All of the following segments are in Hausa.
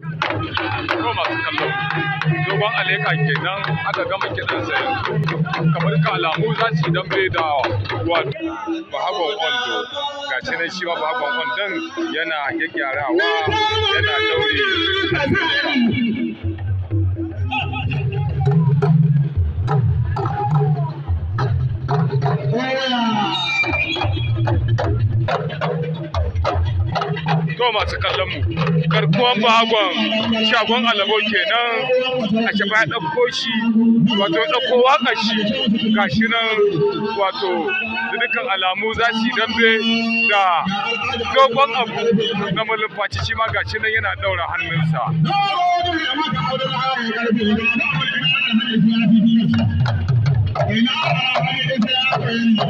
Ko masu kallo, dogon aleka kenan aka gama kiɗan sa yanzu. Kamar ka alamu za su dambe da wato bahagon ondo. Ga shi nan shi ma bahagon ondon yana gyaggyarawa yana daure. Nawa masu kallon mu Karkuwan bagon shagon alabo kenan a shafa ya ɗauko shi wato ɗauko waka shi shi nan wato dukkan alamu za su dambe da dogon abu na malumfaci shi ma shi nan yana ɗaura hannunsa ina Thank you.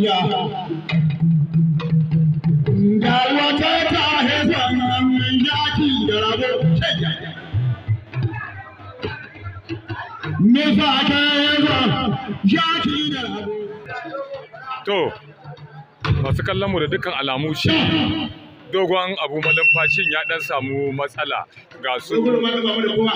Khadija ga wata ta hefan yaki da rabo Nufa ta hefan yaki da rabo To, masu kallon mu da dukkan alamu shi dogon abu malumfashin ya dan samu matsala ga su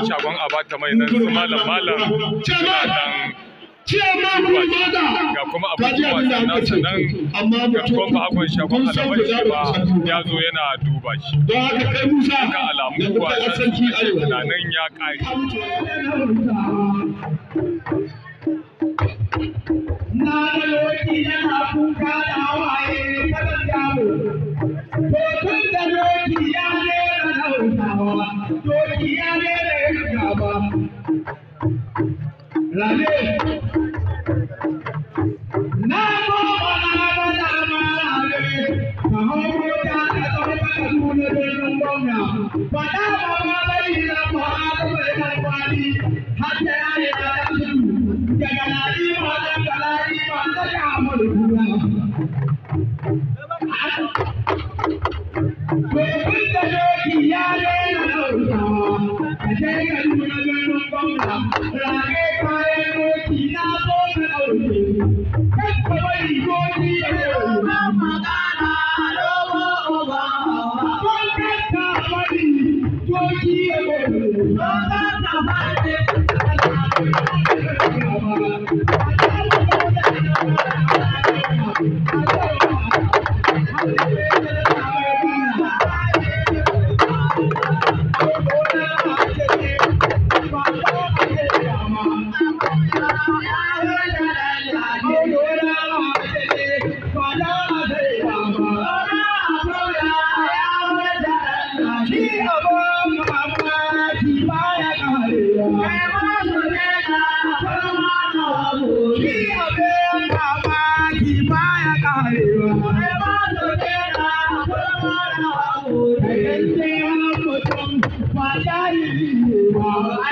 shagon abata mai nan su malam malam ga kuma abokin sannan nasa nan ga kuma hagun shagon alaman shi ba ya zo yana duba shi ga alamun wasan tunanin ya kare na da yana kuka da waye. Oh, I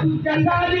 جتھاں دی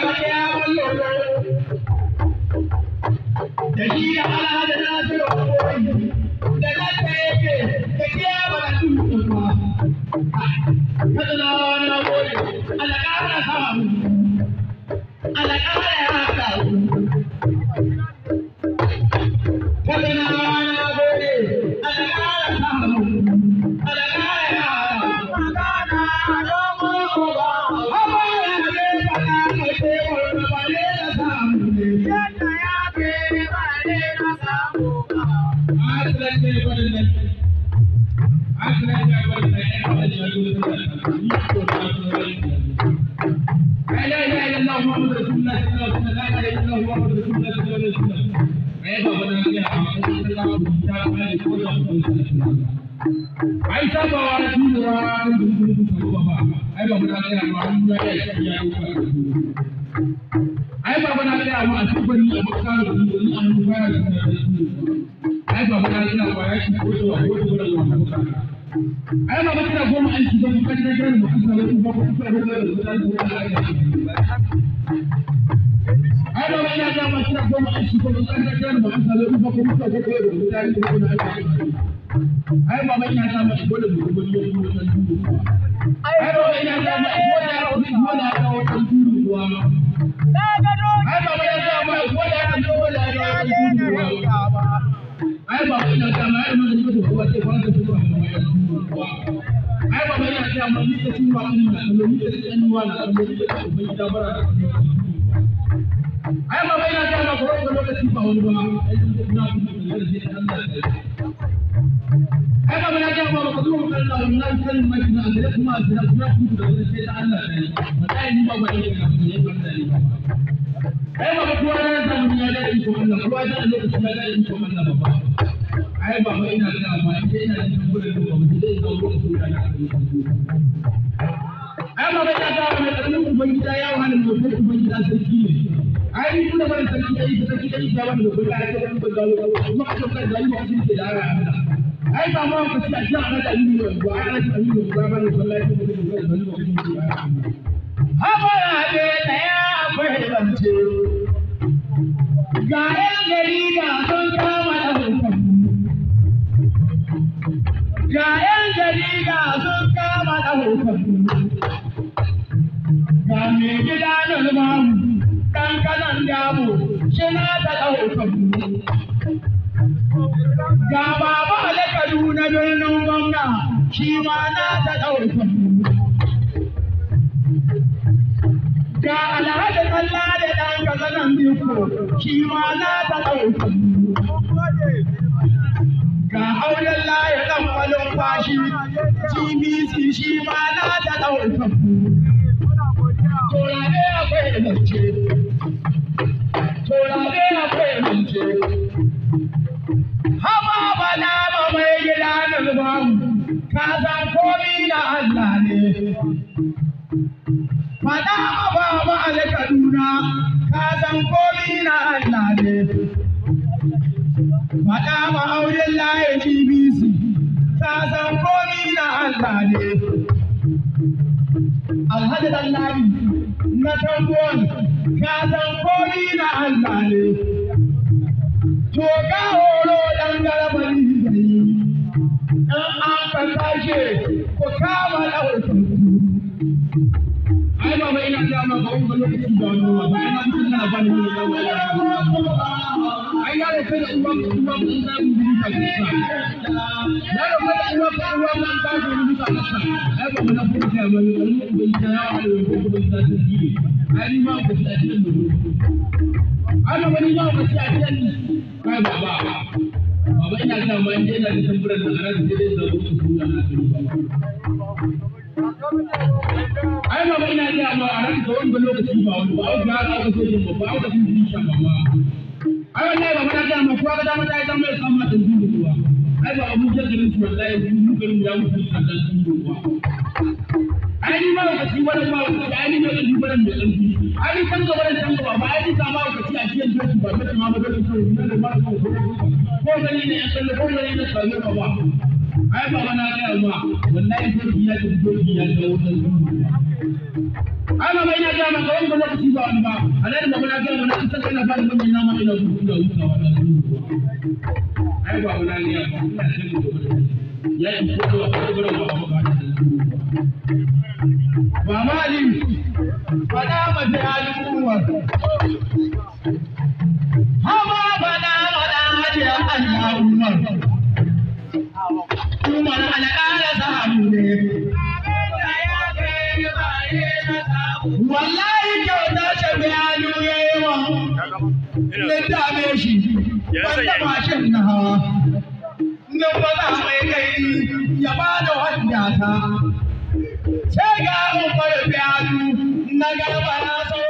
ai sabawa na tunawa a cikin faruwa a cikin ba muna kai amma a cikin yi a cikin yi a cikin ba muna kai amma a cikin a makka da dundun an yi fara da ai ba muna kai amma ya shi ko da ko cikin ko da makka a cikin muna a goma an a cikin kan da kan mu kusa da kuma kusa da da da da kuma a shugaban ƙasar jihar mu an salo kuma kuma ka kuma da mu tare ina ina ina ina ina ina ai ma bai na ga ma ko da lokaci ba wani ba na kuma da ma na ga ma ko da Allah na san mai na kuma da kuma ku da zai Allah ya ba dai ni ba ba ne ka ne ba da ni ai ma ko da zan mu ya da ko Allah ko da lokaci na da ko Allah ba ai ba bai na ga ma sai na da kuma da ko zai zo ko da ai ma bai na ga ma ya ai ni da ban san kai da kai kai da wannan ko da kai da dawo kuma da san da yau da ke da ara ai ba ma ku ci a ji ana da yi ne ba ana da yi ne ba ban san lafiya da da da da kun ke da ara haba ne da ya akwai zance ga gari da don kama da hankali ga yan jarida sun kama da hankali ga mai gida da kankanan damu shina da ɗaukaku. Ga baba da Kaduna birnin gwamna shi ma na da ɗaukaku. Ga alhaji kalla da ɗan kazanan biko shi ma na da ɗaukaku. Ga auren laye ɗan kwalin fashi GBC shi ma na da ɗaukaku. Turare akwai Haba bala ba mai gida na zubamu, ka san komi na Allah ne. Fada ma ba ba alƙaduna, ka san komi na Allah ne. Fada ma auren layin BBC, ka san komi na Allah ne. Alhaji Ɗanlami na tambuwan, ka san komi na Allah ne. Toga ɗan garaban zai, ɗan an ku kama ɗaure. ai baba ina ga ma ba wani lokaci da wani ba ina mutum na ba ni da wani ai ya da kada uwa uwa mun da mun bi ta kusa ya da kada uwa uwa mun da mun bi ta kusa ai ba mun da ku ta ba ni mun bi ta ya wa da ku ta ji ai ku ta ji ta ji baba ina ga ma inda da da zai zo na kai ai baba ina ga ma a ran da wanda lokaci ba wani ba ga ga ga sai ba ba ga sun yi shan mama ai wallahi baba na ga ma kuwa ga dama dai dan mai san ma dan dubu kuwa ai ba abu da garin su wallahi mun garin ya mutu san dan dubu kuwa ai ni ma lokaci wannan ma lokaci ai ni ma dan dubu ran da dan ai ni kan gaban dan gaba ba ai ni sama lokaci a cikin doki ba ta ma ba da su ko ne ne ya san ko ne ne sai ba ba ai ba wani ga ruwa wallahi sai ya ji doki ya ga wannan ai ba ina ga maka wannan lokaci ba wani alai da muna ga na ta kana ba mun ina ma ina ku da wannan ai ba wani ga ba ina sai mu ya yi ko da ko da ba ba ba mali fada ma da al'umma yi wallahi kyauta ce bayanu ya yi wa na dame shi wanda mashin na hawa na wala mai kai ya ba da wanda ta ce ga umar bayanu na garba na so